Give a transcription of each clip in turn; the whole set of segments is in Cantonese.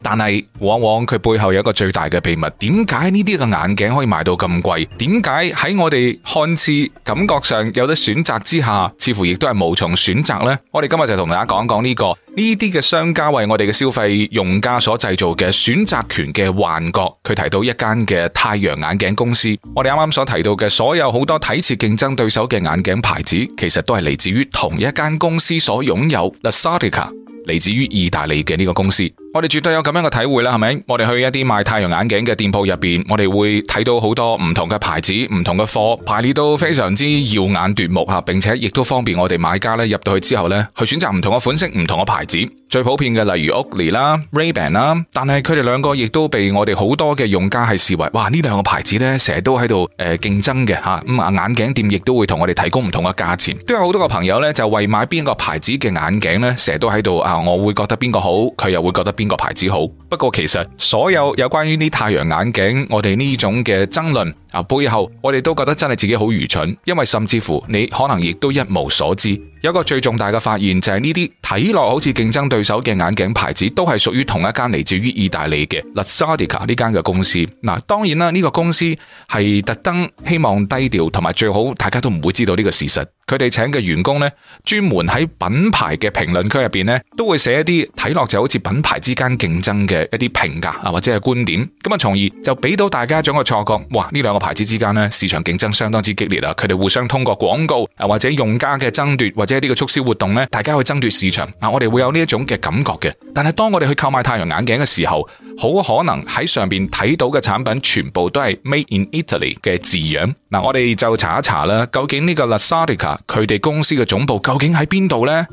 但係，往往佢背後有一個最大嘅秘密。點解呢啲嘅眼鏡可以賣到咁貴？點解喺我哋看似感覺上有得選擇之下，似乎亦都係無從選擇呢？我哋今日就同大家講一講呢個呢啲嘅商家為我哋嘅消費用家所製造嘅選擇權嘅幻覺。佢提到一間嘅太陽眼鏡公司，我哋啱啱所提到嘅所有好多睇似競爭對手嘅眼鏡牌子，其實都係嚟自於同一間公司所擁有。The Sodica 嚟自於意大利嘅呢個公司。我哋絕對有咁樣嘅體會啦，係咪？我哋去一啲賣太陽眼鏡嘅店鋪入邊，我哋會睇到好多唔同嘅牌子、唔同嘅貨排列都非常之耀眼奪目吓，並且亦都方便我哋買家咧入到去之後咧去選擇唔同嘅款式、唔同嘅牌子。最普遍嘅例如 Oakley 啦 Ray、Rayban 啦，但係佢哋兩個亦都被我哋好多嘅用家係視為，哇！呢兩個牌子咧成日都喺度誒競爭嘅吓咁啊！眼鏡店亦都會同我哋提供唔同嘅價錢，都有好多個朋友咧就為買邊個牌子嘅眼鏡咧成日都喺度啊！我會覺得邊個好，佢又會覺得。邊個牌子好？不過其實所有有關於呢太陽眼鏡，我哋呢種嘅爭論啊，背後我哋都覺得真係自己好愚蠢，因為甚至乎你可能亦都一無所知。有個最重大嘅發現就係呢啲睇落好似競爭對手嘅眼鏡牌子，都係屬於同一間嚟自於意大利嘅 Luxottica 呢間嘅公司。嗱、啊，當然啦，呢、這個公司係特登希望低調，同埋最好大家都唔會知道呢個事實。佢哋請嘅員工呢，專門喺品牌嘅評論區入邊呢，都會寫一啲睇落就好似品牌之間競爭嘅一啲評價啊，或者係觀點，咁啊，從而就俾到大家一種嘅錯覺，哇！呢兩個牌子之間呢，市場競爭相當之激烈啊！佢哋互相通過廣告啊，或者用家嘅爭奪，或者一啲嘅促銷活動呢，大家去爭奪市場，嗱、啊，我哋會有呢一種嘅感覺嘅。但係當我哋去購買太陽眼鏡嘅時候，好可能喺上邊睇到嘅產品全部都係 Made in Italy 嘅字樣。嗱、啊，我哋就查一查啦，究竟呢個 Luxottica 佢哋公司嘅總部究竟喺邊度呢？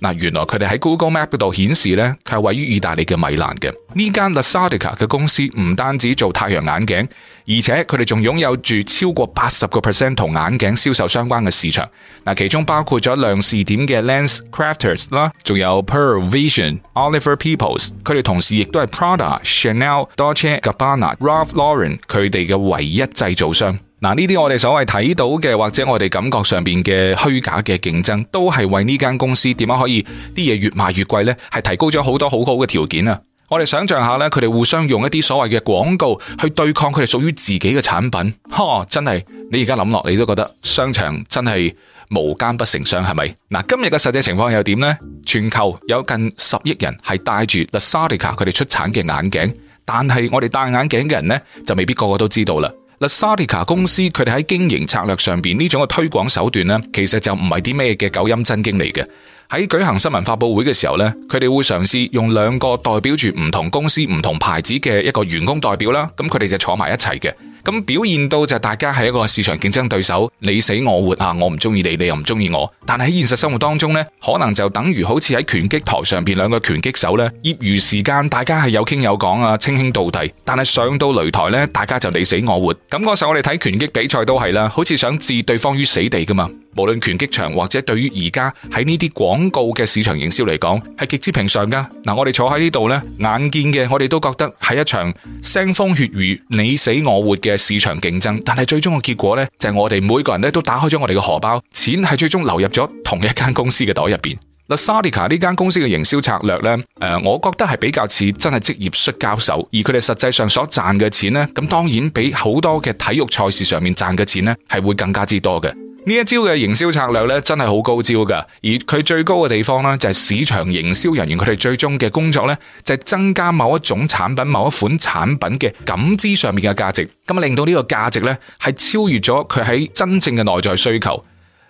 嗱，原來佢哋喺 Google Map 度顯示，呢佢係位於意大利嘅米蘭嘅。呢間 Lasadica 嘅公司唔單止做太陽眼鏡，而且佢哋仲擁有住超過八十個 percent 同眼鏡銷售相關嘅市場。嗱，其中包括咗亮視點嘅 Lens Crafters 啦，仲有 Pearl Vision、Oliver Peoples，佢哋同時亦都係 Prada、Chanel、Dolce Gabbana、Ralph Lauren，佢哋嘅唯一製造商。嗱，呢啲我哋所謂睇到嘅，或者我哋感覺上邊嘅虛假嘅競爭，都係為呢間公司點樣可以啲嘢越賣越貴呢？係提高咗好多好好嘅條件啊！我哋想象下呢，佢哋互相用一啲所謂嘅廣告去對抗佢哋屬於自己嘅產品，哈！真係，你而家諗落，你都覺得商場真係無奸不成商，係咪？嗱，今日嘅實際情況又點呢？全球有近十億人係戴住度斯迪卡佢哋出產嘅眼鏡，但係我哋戴眼鏡嘅人呢，就未必個個都知道啦。那薩迪卡公司佢哋喺經營策略上邊呢種嘅推廣手段咧，其實就唔係啲咩嘅九陰真經嚟嘅。喺舉行新聞發布會嘅時候呢，佢哋會嘗試用兩個代表住唔同公司、唔同牌子嘅一個員工代表啦，咁佢哋就坐埋一齊嘅，咁表現到就大家係一個市場競爭對手，你死我活啊！我唔中意你，你又唔中意我。但係喺現實生活當中呢，可能就等於好似喺拳擊台上邊兩個拳擊手呢，業餘時間，大家係有傾有講啊，稱兄道弟。但係上到擂台呢，大家就你死我活。咁嗰時候我哋睇拳擊比賽都係啦，好似想置對方於死地噶嘛。無論拳擊場或者對於而家喺呢啲廣告嘅市場營銷嚟講，係極之平常噶。嗱，我哋坐喺呢度呢，眼見嘅我哋都覺得係一場腥風血雨、你死我活嘅市場競爭，但係最終嘅結果呢，就係我哋每個人呢都打開咗我哋嘅荷包，錢係最終流入咗同一間公司嘅袋入邊。嗱 Sarica 呢間公司嘅營銷策略呢，誒，我覺得係比較似真係職業摔跤手，而佢哋實際上所賺嘅錢呢，咁當然比好多嘅體育賽事上面賺嘅錢呢係會更加之多嘅。呢一招嘅營銷策略咧，真係好高招㗎。而佢最高嘅地方咧，就係市場營銷人員佢哋最終嘅工作咧，就係增加某一種產品、某一款產品嘅感知上面嘅價值，咁啊令到呢個價值咧係超越咗佢喺真正嘅內在需求。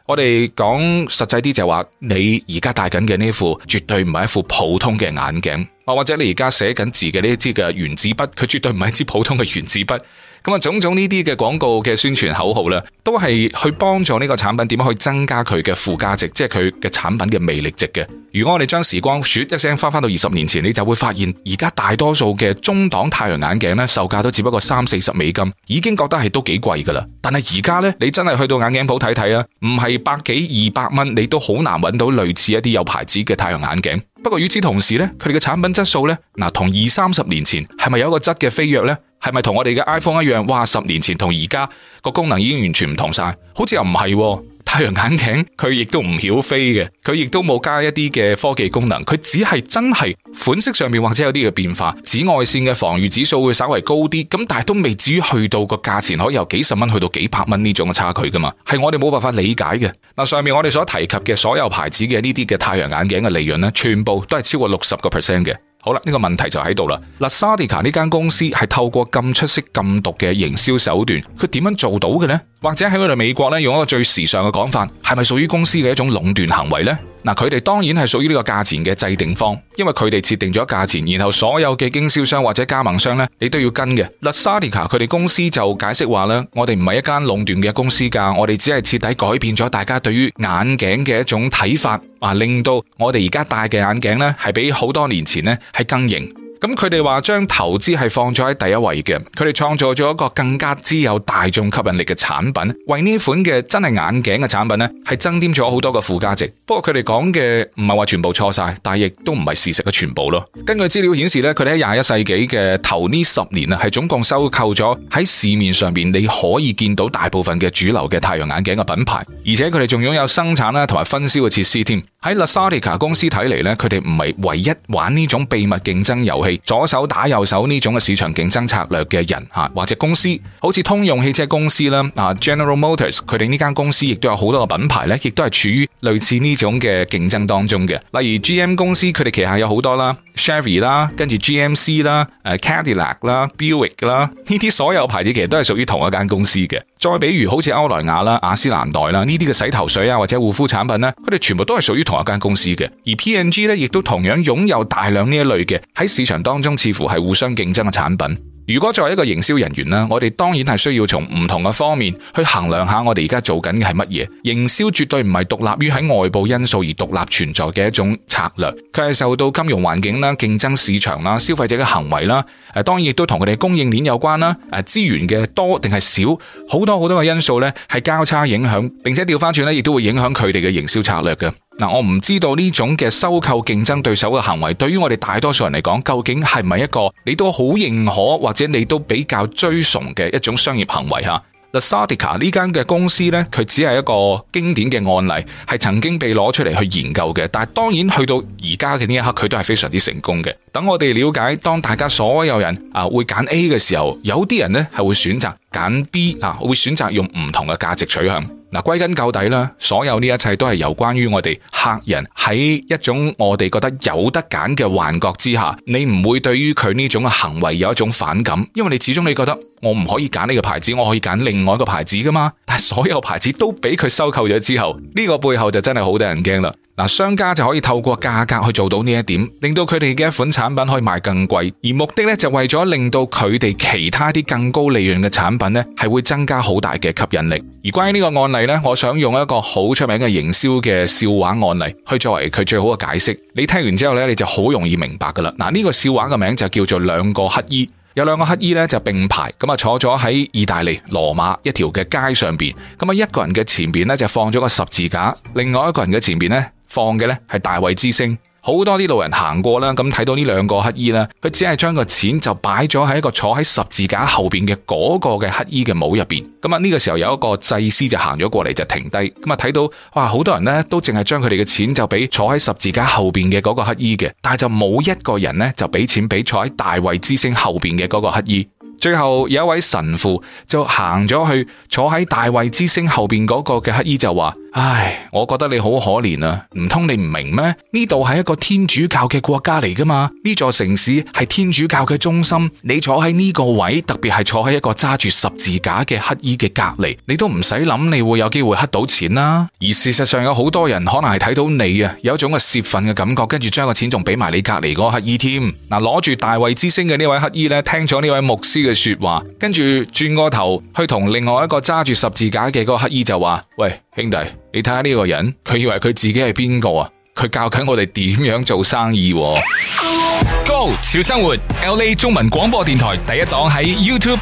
我哋講實際啲就係話，你而家戴緊嘅呢副絕對唔係一副普通嘅眼鏡，或或者你而家寫緊字嘅呢支嘅原子筆，佢絕對唔係一支普通嘅原子筆。咁啊，種種呢啲嘅廣告嘅宣傳口號咧，都係去幫助呢個產品點樣去增加佢嘅附加值，即係佢嘅產品嘅魅力值嘅。如果我哋將時光說一聲返返到二十年前，你就會發現而家大多數嘅中檔太陽眼鏡咧，售價都只不過三四十美金，已經覺得係都幾貴噶啦。但係而家咧，你真係去到眼鏡鋪睇睇啊，唔係百幾二百蚊，你都好難揾到類似一啲有牌子嘅太陽眼鏡。不過與此同時咧，佢哋嘅產品質素呢，嗱，同二三十年前係咪有一個質嘅飛躍咧？係咪同我哋嘅 iPhone 一樣？哇！十年前同而家個功能已經完全唔同晒，好似又唔係喎。太陽眼鏡佢亦都唔曉飛嘅，佢亦都冇加一啲嘅科技功能，佢只係真係款式上面或者有啲嘅變化，紫外綫嘅防禦指數會稍微高啲，咁但係都未至於去到個價錢可以由幾十蚊去到幾百蚊呢種嘅差距㗎嘛，係我哋冇辦法理解嘅。嗱，上面我哋所提及嘅所有牌子嘅呢啲嘅太陽眼鏡嘅利潤咧，全部都係超過六十個 percent 嘅。好啦，呢、這個問題就喺度啦。嗱，Sadia c 呢間公司係透過咁出色、咁毒嘅營銷手段，佢點樣做到嘅呢？或者喺我哋美國呢，用一個最時尚嘅講法，係咪屬於公司嘅一種壟斷行為呢？嗱，佢哋當然係屬於呢個價錢嘅制定方，因為佢哋設定咗價錢，然後所有嘅經銷商或者加盟商呢，你都要跟嘅。那 Luxottica 佢哋公司就解釋話咧，我哋唔係一間壟斷嘅公司㗎，我哋只係徹底改變咗大家對於眼鏡嘅一種睇法，啊，令到我哋而家戴嘅眼鏡呢，係比好多年前呢，係更型。咁佢哋話將投資係放咗喺第一位嘅，佢哋創造咗一個更加之有大眾吸引力嘅產品，為呢款嘅真係眼鏡嘅產品咧，係增添咗好多嘅附加值。不過佢哋講嘅唔係話全部錯晒，但係亦都唔係事實嘅全部咯。根據資料顯示咧，佢哋喺廿一世紀嘅頭呢十年啊，係總共收購咗喺市面上面你可以見到大部分嘅主流嘅太陽眼鏡嘅品牌，而且佢哋仲擁有生產啦同埋分銷嘅設施添。喺 Lazada 公司睇嚟咧，佢哋唔係唯一玩呢種秘密競爭遊戲，左手打右手呢種嘅市場競爭策略嘅人吓，或者公司，好似通用汽車公司啦啊 General Motors，佢哋呢間公司亦都有好多嘅品牌咧，亦都係處於類似呢種嘅競爭當中嘅。例如 GM 公司，佢哋旗下有好多啦，Chevy 啦，跟住 GMC 啦，誒 Cadillac 啦，Buick 啦，呢啲所有牌子其實都係屬於同一間公司嘅。再比如好似歐萊雅啦、雅詩蘭黛啦，呢啲嘅洗頭水啊或者護膚產品咧，佢哋全部都係屬於同一間公司嘅，而 P&G 咧亦都同樣擁有大量呢一類嘅喺市場當中似乎係互相競爭嘅產品。如果作為一個營銷人員啦，我哋當然係需要從唔同嘅方面去衡量下我哋而家做緊嘅係乜嘢。營銷絕對唔係獨立於喺外部因素而獨立存在嘅一種策略，佢係受到金融環境啦、競爭市場啦、消費者嘅行為啦，誒，當然亦都同佢哋供應鏈有關啦，誒，資源嘅多定係少，好多好多嘅因素咧係交叉影響，並且掉返轉咧，亦都會影響佢哋嘅營銷策略嘅。嗱，我唔知道呢種嘅收購競爭對手嘅行為，對於我哋大多數人嚟講，究竟係咪一個你都好認可或者你都比較追崇嘅一種商業行為吓。嗱，Sardica 呢間嘅公司呢，佢只係一個經典嘅案例，係曾經被攞出嚟去研究嘅。但係當然去到而家嘅呢一刻，佢都係非常之成功嘅。等我哋了解，當大家所有人啊會揀 A 嘅時候，有啲人呢係會選擇揀 B 啊，會選擇用唔同嘅價值取向。嗱，歸根究底咧，所有呢一切都係有關於我哋客人喺一種我哋覺得有得揀嘅幻覺之下，你唔會對於佢呢種行為有一種反感，因為你始終你覺得我唔可以揀呢個牌子，我可以揀另外一個牌子㗎嘛。但所有牌子都俾佢收購咗之後，呢個背後就真係好得人驚啦。商家就可以透過價格去做到呢一點，令到佢哋嘅一款產品可以賣更貴，而目的咧就為咗令到佢哋其他啲更高利潤嘅產品咧係會增加好大嘅吸引力。而關於呢個案例咧，我想用一個好出名嘅營銷嘅笑話案例去作為佢最好嘅解釋。你聽完之後咧，你就好容易明白噶啦。嗱，呢個笑話嘅名就叫做「兩個乞丐」。有兩個乞丐咧就並排咁啊坐咗喺意大利羅馬一條嘅街上邊，咁啊一個人嘅前邊咧就放咗個十字架，另外一個人嘅前邊咧。放嘅咧係大衛之星，好多啲路人行過啦，咁睇到呢兩個乞衣啦，佢只係將個錢就擺咗喺一個坐喺十字架後邊嘅嗰個嘅乞衣嘅帽入邊。咁啊呢個時候有一個祭司就行咗過嚟就停低，咁啊睇到哇好多人呢都淨係將佢哋嘅錢就俾坐喺十字架後邊嘅嗰個乞衣嘅，但係就冇一個人呢就俾錢俾坐喺大衛之星後邊嘅嗰個乞衣。最後有一位神父就行咗去坐喺大衛之星後邊嗰個嘅乞衣就話。唉，我覺得你好可憐啊！唔通你唔明咩？呢度係一個天主教嘅國家嚟噶嘛。呢座城市係天主教嘅中心，你坐喺呢個位，特別係坐喺一個揸住十字架嘅乞衣嘅隔籬，你都唔使諗，你會有機會乞到錢啦。而事實上有好多人可能係睇到你啊，有一種嘅泄憤嘅感覺，跟住將個錢仲俾埋你隔籬嗰個乞衣添。嗱，攞住大衛之星嘅呢位乞衣咧，聽咗呢位牧師嘅說話，跟住轉個頭去同另外一個揸住十字架嘅嗰個乞衣就話：喂，兄弟！你睇下呢個人，佢以為佢自己係邊個啊？佢教緊我哋點樣做生意啊。Go 潮生活，LA 中文廣播電台第一檔喺 YouTube。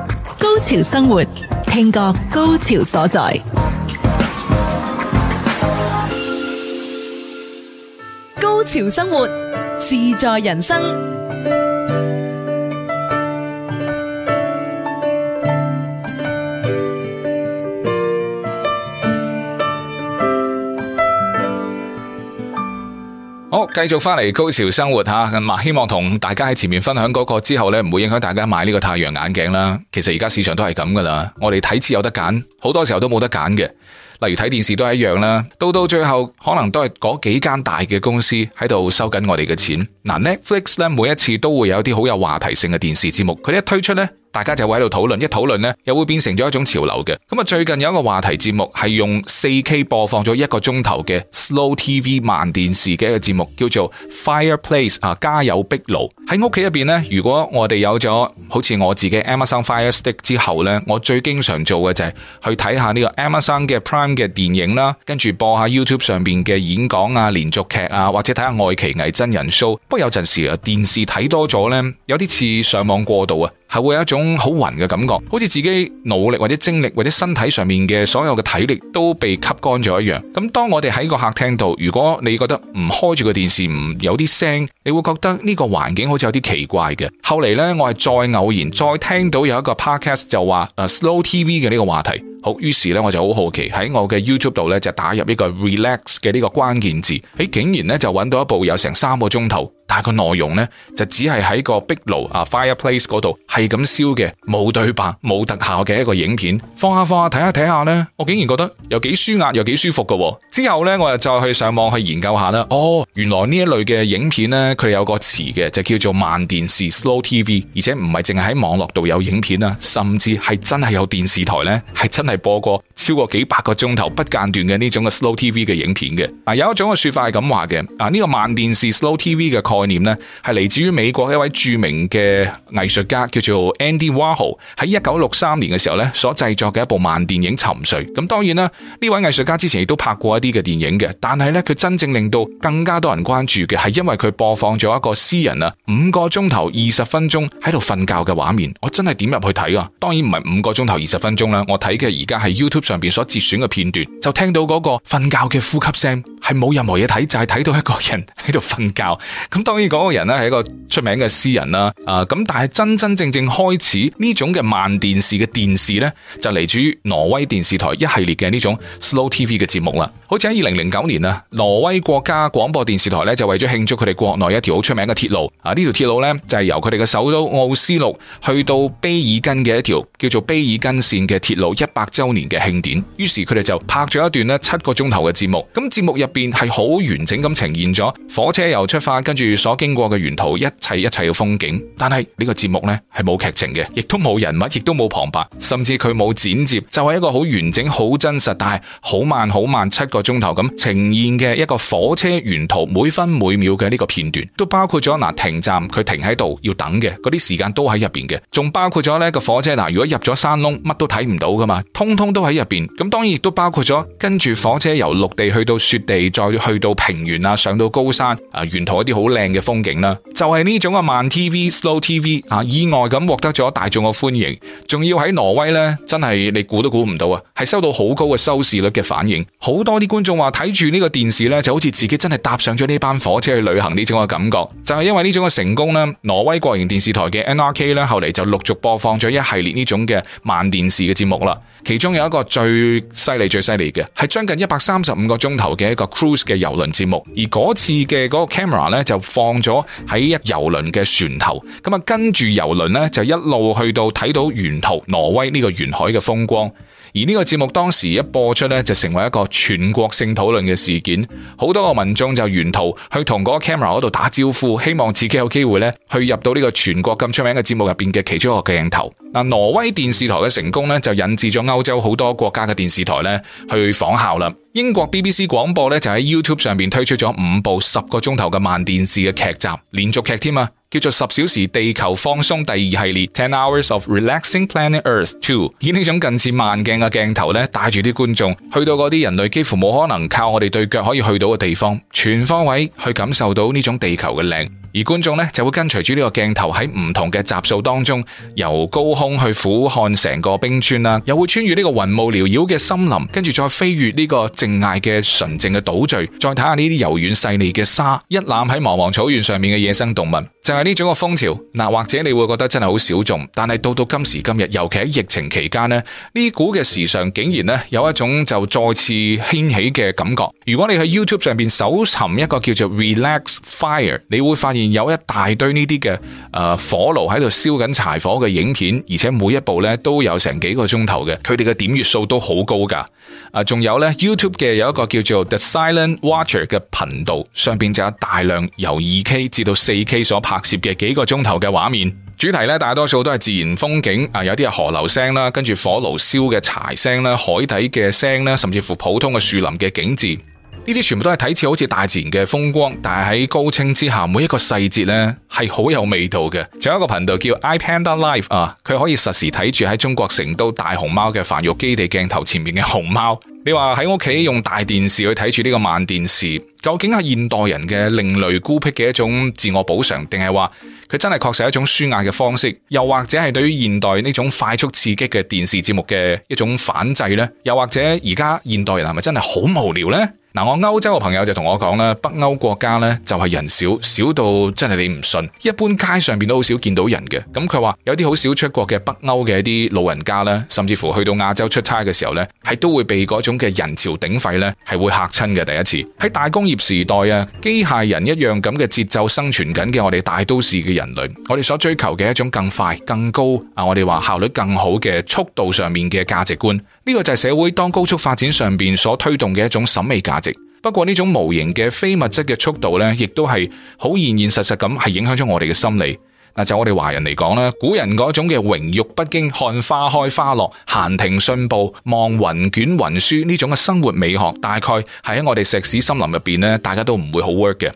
高潮生活，聽覺高潮所在。高潮生活，自在人生。繼續翻嚟，高潮生活吓，希望同大家喺前面分享嗰個之後呢，唔會影響大家買呢個太陽眼鏡啦。其實而家市場都係咁噶啦，我哋睇次有得揀，好多時候都冇得揀嘅。例如睇電視都係一樣啦，到到最後可能都係嗰幾間大嘅公司喺度收緊我哋嘅錢。嗱 Netflix 呢，每一次都會有啲好有話題性嘅電視節目，佢一推出呢。大家就會喺度討論，一討論呢又會變成咗一種潮流嘅。咁啊，最近有一個話題節目係用 4K 播放咗一個鐘頭嘅 Slow TV 慢電視嘅一個節目，叫做 Fireplace 啊，Fire place, 家有壁爐。喺屋企入邊呢，如果我哋有咗好似我自己 Amazon Fire Stick 之後呢，我最經常做嘅就係去睇下呢個 Amazon 嘅 Prime 嘅電影啦，跟住播下 YouTube 上邊嘅演講啊、連續劇啊，或者睇下愛奇藝真人 show。不過有陣時啊，電視睇多咗呢，有啲似上網過度啊。係會有一種好暈嘅感覺，好似自己努力或者精力或者身體上面嘅所有嘅體力都被吸乾咗一樣。咁當我哋喺個客廳度，如果你覺得唔開住個電視唔有啲聲，你會覺得呢個環境好似有啲奇怪嘅。後嚟呢，我係再偶然再聽到有一個 podcast 就話誒、uh, slow TV 嘅呢個話題，好，於是呢，我就好好奇喺我嘅 YouTube 度呢，就打入呢個 relax 嘅呢個關鍵字，竟然呢，就揾到一部有成三個鐘頭。但係個內容呢，就只係喺個壁爐啊 fireplace 嗰度係咁燒嘅，冇對白，冇特效嘅一個影片。放下放下睇下睇下呢，我竟然覺得又幾舒壓又幾舒服噶、哦。之後呢，我又再去上網去研究下啦。哦，原來呢一類嘅影片呢，佢有個詞嘅，就叫做慢電視 （slow TV）。而且唔係淨係喺網絡度有影片啊，甚至係真係有電視台呢，係真係播過超過幾百個鐘頭不間斷嘅呢種嘅 slow TV 嘅影片嘅。嗱、啊，有一種嘅說法係咁話嘅，嗱、啊、呢、這個慢電視 （slow TV） 嘅確概念呢，係嚟自於美國一位著名嘅藝術家，叫做 Andy Warhol，喺一九六三年嘅時候呢，所製作嘅一部慢電影《沉睡》。咁當然啦，呢位藝術家之前亦都拍過一啲嘅電影嘅，但係呢，佢真正令到更加多人關注嘅係因為佢播放咗一個私人啊，五個鐘頭二十分鐘喺度瞓覺嘅畫面。我真係點入去睇啊！當然唔係五個鐘頭二十分鐘啦，我睇嘅而家係 YouTube 上邊所節選嘅片段，就聽到嗰個瞓覺嘅呼吸聲，係冇任何嘢睇，就係、是、睇到一個人喺度瞓覺。當然，嗰個人咧係一個出名嘅詩人啦。啊，咁但係真真正正開始呢種嘅慢電視嘅電視呢，就嚟自於挪威電視台一系列嘅呢種 Slow TV 嘅節目啦。好似喺二零零九年啊，挪威國家廣播電視台咧就為咗慶祝佢哋國內一條好出名嘅鐵路啊，呢條鐵路咧就係由佢哋嘅首都奧斯陸去到卑爾根嘅一條叫做卑爾根線嘅鐵路一百周年嘅慶典。於是佢哋就拍咗一段咧七個鐘頭嘅節目。咁節目入邊係好完整咁呈現咗火車由出發跟住所經過嘅沿途一切一切嘅風景。但係呢個節目咧係冇劇情嘅，亦都冇人物，亦都冇旁白，甚至佢冇剪接，就係一個好完整，好真實，但係好慢、好慢七個。鐘頭咁呈現嘅一個火車沿途每分每秒嘅呢個片段，都包括咗嗱，停站，佢停喺度要等嘅嗰啲時間都喺入邊嘅，仲包括咗呢個火車嗱，如果入咗山窿，乜都睇唔到噶嘛，通通都喺入邊。咁當然亦都包括咗跟住火車由陸地去到雪地，再去到平原啊，上到高山啊，沿途一啲好靚嘅風景啦。就係呢種嘅慢 TV、slow TV 啊，意外咁獲得咗大眾嘅歡迎，仲要喺挪威呢，真係你估都估唔到啊，係收到好高嘅收視率嘅反應，好多啲。觀眾話睇住呢個電視咧，就好似自己真係搭上咗呢班火車去旅行呢種嘅感覺，就係因為呢種嘅成功呢，挪威國營電視台嘅 NRK 咧，後嚟就陸續播放咗一系列呢種嘅慢電視嘅節目啦。其中有一個最犀利，最犀利嘅係將近一百三十五個鐘頭嘅一個 Cruise 嘅遊輪節目，而嗰次嘅嗰個 camera 咧就放咗喺遊輪嘅船頭，咁啊跟住遊輪呢，就一路去到睇到沿途挪威呢個沿海嘅風光。而呢個節目當時一播出咧，就成為一個全國性討論嘅事件，好多個民眾就沿途去同嗰個 camera 嗰度打招呼，希望自己有機會咧去入到呢個全國咁出名嘅節目入邊嘅其中一個鏡頭。嗱，挪威電視台嘅成功咧，就引致咗歐洲好多國家嘅電視台咧去仿效啦。英國 BBC 廣播咧就喺 YouTube 上面推出咗五部十個鐘頭嘅慢電視嘅劇集，連續劇添啊，叫做十小時地球放鬆第二系列 Ten Hours of Relaxing Planet Earth Two，以呢種近似慢鏡嘅鏡頭咧，帶住啲觀眾去到嗰啲人類幾乎冇可能靠我哋對腳可以去到嘅地方，全方位去感受到呢種地球嘅靚。而觀眾咧就會跟隨住呢個鏡頭喺唔同嘅集數當中，由高空去俯瞰成個冰川啦，又會穿越呢個雲霧繚繞嘅森林，跟住再飛越呢個靜謐嘅純淨嘅島嶼，再睇下呢啲柔軟細膩嘅沙，一覽喺茫茫草原上面嘅野生動物。就係呢種嘅風潮，嗱或者你會覺得真係好小眾，但係到到今時今日，尤其喺疫情期間呢，呢股嘅時尚竟然咧有一種就再次興起嘅感覺。如果你喺 YouTube 上邊搜尋一個叫做 Relax Fire，你會發現有一大堆呢啲嘅誒火爐喺度燒緊柴火嘅影片，而且每一部咧都有成幾個鐘頭嘅，佢哋嘅點閱數都好高噶。啊，仲有呢 YouTube 嘅有一個叫做 The Silent Watcher 嘅頻道，上邊就有大量由二 K 至到四 K 所拍。拍攝嘅幾個鐘頭嘅畫面，主題咧大多數都係自然風景啊，有啲係河流聲啦，跟住火爐燒嘅柴聲啦，海底嘅聲啦，甚至乎普通嘅樹林嘅景致。呢啲全部都係睇似好似大自然嘅風光，但係喺高清之下，每一個細節咧係好有味道嘅。仲有一個頻道叫 iPanda Live 啊，佢可以實時睇住喺中國成都大熊貓嘅繁育基地鏡頭前面嘅熊貓。你話喺屋企用大電視去睇住呢個慢電視，究竟係現代人嘅另類孤僻嘅一種自我補償，定係話佢真係確實係一種舒壓嘅方式？又或者係對於現代呢種快速刺激嘅電視節目嘅一種反制咧？又或者而家現代人係咪真係好無聊咧？嗱，我歐洲嘅朋友就同我講啦。北歐國家咧就係人少，少到真係你唔信，一般街上邊都好少見到人嘅。咁佢話有啲好少出國嘅北歐嘅一啲老人家咧，甚至乎去到亞洲出差嘅時候咧，係都會被嗰種嘅人潮鼎沸咧係會嚇親嘅。第一次喺大工業時代啊，機械人一樣咁嘅節奏生存緊嘅我哋大都市嘅人類，我哋所追求嘅一種更快、更高啊，我哋話效率更好嘅速度上面嘅價值觀。呢個就係社會當高速發展上邊所推動嘅一種審美價值。不過呢種無形嘅非物質嘅速度呢，亦都係好現現實實咁係影響咗我哋嘅心理。嗱，就我哋華人嚟講咧，古人嗰種嘅榮辱不驚、看花開花落、閒庭信步、望雲卷雲舒呢種嘅生活美學，大概係喺我哋石屎森林入邊呢，大家都唔會好 work 嘅。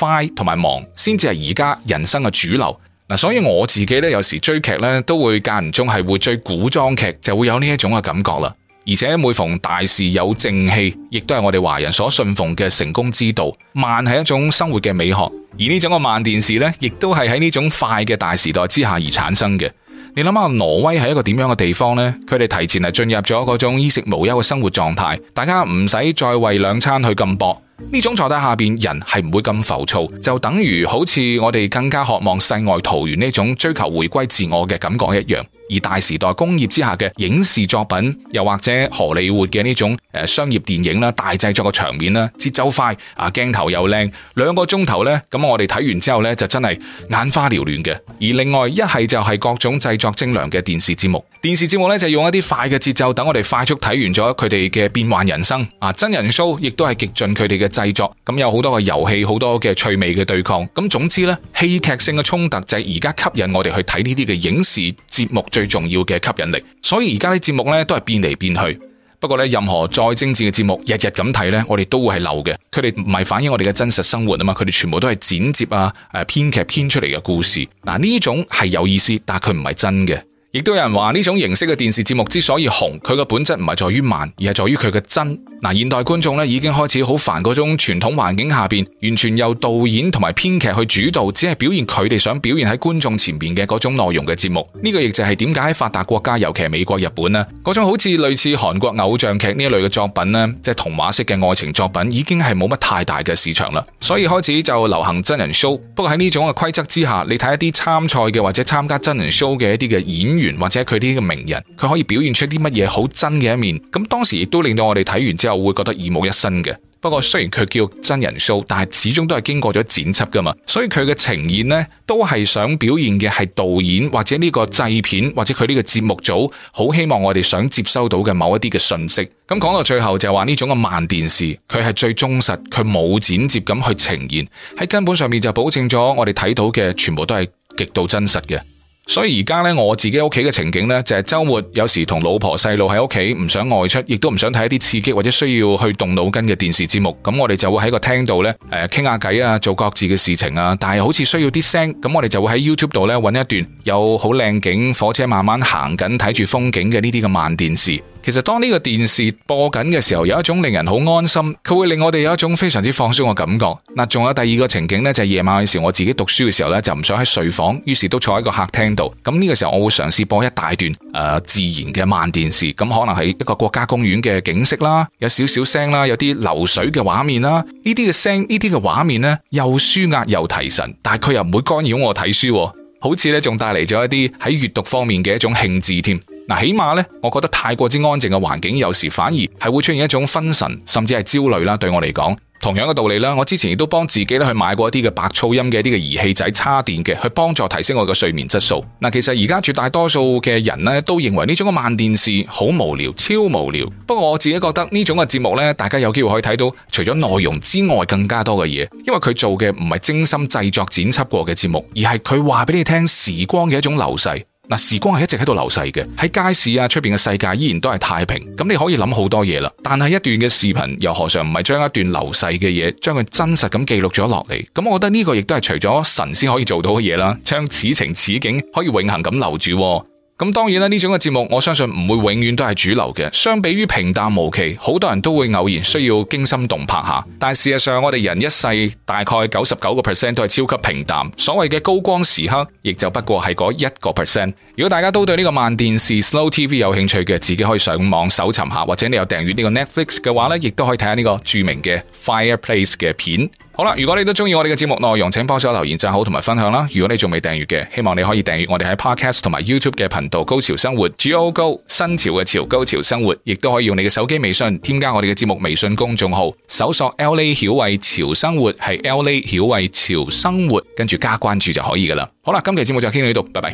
快同埋忙先至係而家人生嘅主流。所以我自己咧，有時追劇咧，都會間唔中係會追古裝劇，就會有呢一種嘅感覺啦。而且每逢大事有正氣，亦都係我哋華人所信奉嘅成功之道。慢係一種生活嘅美學，而呢種嘅慢電視咧，亦都係喺呢種快嘅大時代之下而產生嘅。你諗下，挪威係一個點樣嘅地方呢？佢哋提前係進入咗嗰種衣食無憂嘅生活狀態，大家唔使再為兩餐去咁搏。呢種坐喺下邊，人係唔會咁浮躁，就等於好似我哋更加渴望世外桃源呢種追求回歸自我嘅感覺一樣。而大時代工業之下嘅影視作品，又或者荷里活嘅呢種誒商業電影啦，大製作嘅場面啦，節奏快啊，鏡頭又靚，兩個鐘頭呢，咁我哋睇完之後呢，就真係眼花繚亂嘅。而另外一係就係各種製作精良嘅電視節目，電視節目呢，就用一啲快嘅節奏，等我哋快速睇完咗佢哋嘅變幻人生啊，真人 show 亦都係極盡佢哋嘅製作，咁有好多嘅遊戲，好多嘅趣味嘅對抗。咁總之呢，戲劇性嘅衝突就係而家吸引我哋去睇呢啲嘅影視節目最。最重要嘅吸引力，所以而家啲節目咧都係變嚟變去。不過咧，任何再精致嘅節目，日日咁睇咧，我哋都會係漏嘅。佢哋唔係反映我哋嘅真實生活啊嘛，佢哋全部都係剪接啊、誒編劇編出嚟嘅故事。嗱，呢種係有意思，但係佢唔係真嘅。亦都有人話，呢種形式嘅電視節目之所以紅，佢嘅本質唔係在於慢，而係在於佢嘅真。嗱，現代觀眾咧已經開始好煩嗰種傳統環境下邊，完全由導演同埋編劇去主導，只係表現佢哋想表現喺觀眾前面嘅嗰種內容嘅節目。呢個亦就係點解喺發達國家，尤其係美國、日本咧，嗰種好似類似韓國偶像劇呢類嘅作品咧，即係童話式嘅愛情作品，已經係冇乜太大嘅市場啦。所以開始就流行真人 show。不過喺呢種嘅規則之下，你睇一啲參賽嘅或者參加真人 show 嘅一啲嘅演員或者佢啲嘅名人，佢可以表現出啲乜嘢好真嘅一面。咁當時亦都令到我哋睇完之後。就會覺得耳目一新嘅。不過雖然佢叫真人 show，但係始終都係經過咗剪輯噶嘛，所以佢嘅呈現呢，都係想表現嘅係導演或者呢個製片或者佢呢個節目組好希望我哋想接收到嘅某一啲嘅信息。咁講到最後就係話呢種嘅慢電視，佢係最忠實，佢冇剪接咁去呈現，喺根本上面就保證咗我哋睇到嘅全部都係極度真實嘅。所以而家呢，我自己屋企嘅情景呢，就係周末有時同老婆細路喺屋企，唔想外出，亦都唔想睇一啲刺激或者需要去動腦筋嘅電視節目。咁我哋就會喺個廳度呢誒，傾下偈啊，做各自嘅事情啊。但係好似需要啲聲，咁我哋就會喺 YouTube 度呢揾一段有好靚景，火車慢慢行緊，睇住風景嘅呢啲嘅慢電視。其實當呢個電視播緊嘅時候，有一種令人好安心，佢會令我哋有一種非常之放鬆嘅感覺。嗱，仲有第二個情景呢，就係夜晚嘅時候，我自己讀書嘅時候呢，就唔想喺睡房，於是都坐喺個客廳度。咁呢個時候，我會嘗試播一大段誒自然嘅慢電視，咁可能係一個國家公園嘅景色啦，有少少聲啦，有啲流水嘅畫面啦，呢啲嘅聲，呢啲嘅畫面呢，又舒壓又提神，但係佢又唔會干擾我睇書，好似呢，仲帶嚟咗一啲喺閱讀方面嘅一種興致添。起碼咧，我覺得太過之安靜嘅環境，有時反而係會出現一種分神，甚至係焦慮啦。對我嚟講，同樣嘅道理啦，我之前亦都幫自己咧，去買過一啲嘅白噪音嘅一啲嘅儀器仔插電嘅，去幫助提升我嘅睡眠質素。嗱，其實而家絕大多數嘅人咧，都認為呢種嘅慢電視好無聊，超無聊。不過我自己覺得呢種嘅節目咧，大家有機會可以睇到，除咗內容之外，更加多嘅嘢，因為佢做嘅唔係精心製作剪輯過嘅節目，而係佢話俾你聽時光嘅一種流逝。嗱，時光係一直喺度流逝嘅，喺街市啊，出面嘅世界依然都係太平。咁你可以諗好多嘢啦，但係一段嘅視頻又何嘗唔係將一段流逝嘅嘢，將佢真實咁記錄咗落嚟？咁我覺得呢個亦都係除咗神仙可以做到嘅嘢啦，將此情此景可以永恒咁留住喎。咁當然啦，呢種嘅節目我相信唔會永遠都係主流嘅。相比於平淡無奇，好多人都會偶然需要驚心動魄下。但事實上，我哋人一世大概九十九個 percent 都係超級平淡，所謂嘅高光時刻亦就不過係嗰一個 percent。如果大家都對呢個慢電視 （slow TV） 有興趣嘅，自己可以上網搜尋下，或者你有訂閱呢個 Netflix 嘅話呢，亦都可以睇下呢個著名嘅 Fireplace 嘅片。好啦，如果你都中意我哋嘅節目內容，請幫手留言讚好，同埋分享啦。如果你仲未訂閱嘅，希望你可以訂閱我哋喺 Podcast 同埋 YouTube 嘅頻道《高潮生活》G。Go Go 新潮嘅潮，高潮生活亦都可以用你嘅手機微信添加我哋嘅節目微信公眾號，搜索 LA 曉慧潮生活係 LA 曉慧潮生活，跟住加關注就可以噶啦。好啦，今期節目就傾到呢度，拜拜。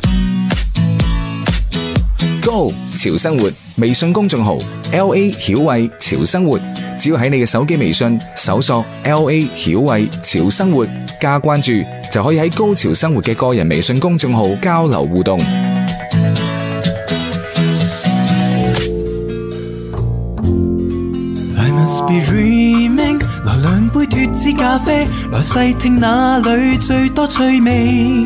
Go 潮生活微信公眾號，L A 曉慧潮生活，只要喺你嘅手機微信搜索 L A 曉慧潮生活加關注，就可以喺高潮生活嘅個人微信公眾號交流互動。來兩杯脫脂咖啡，來細聽哪裏最多趣味。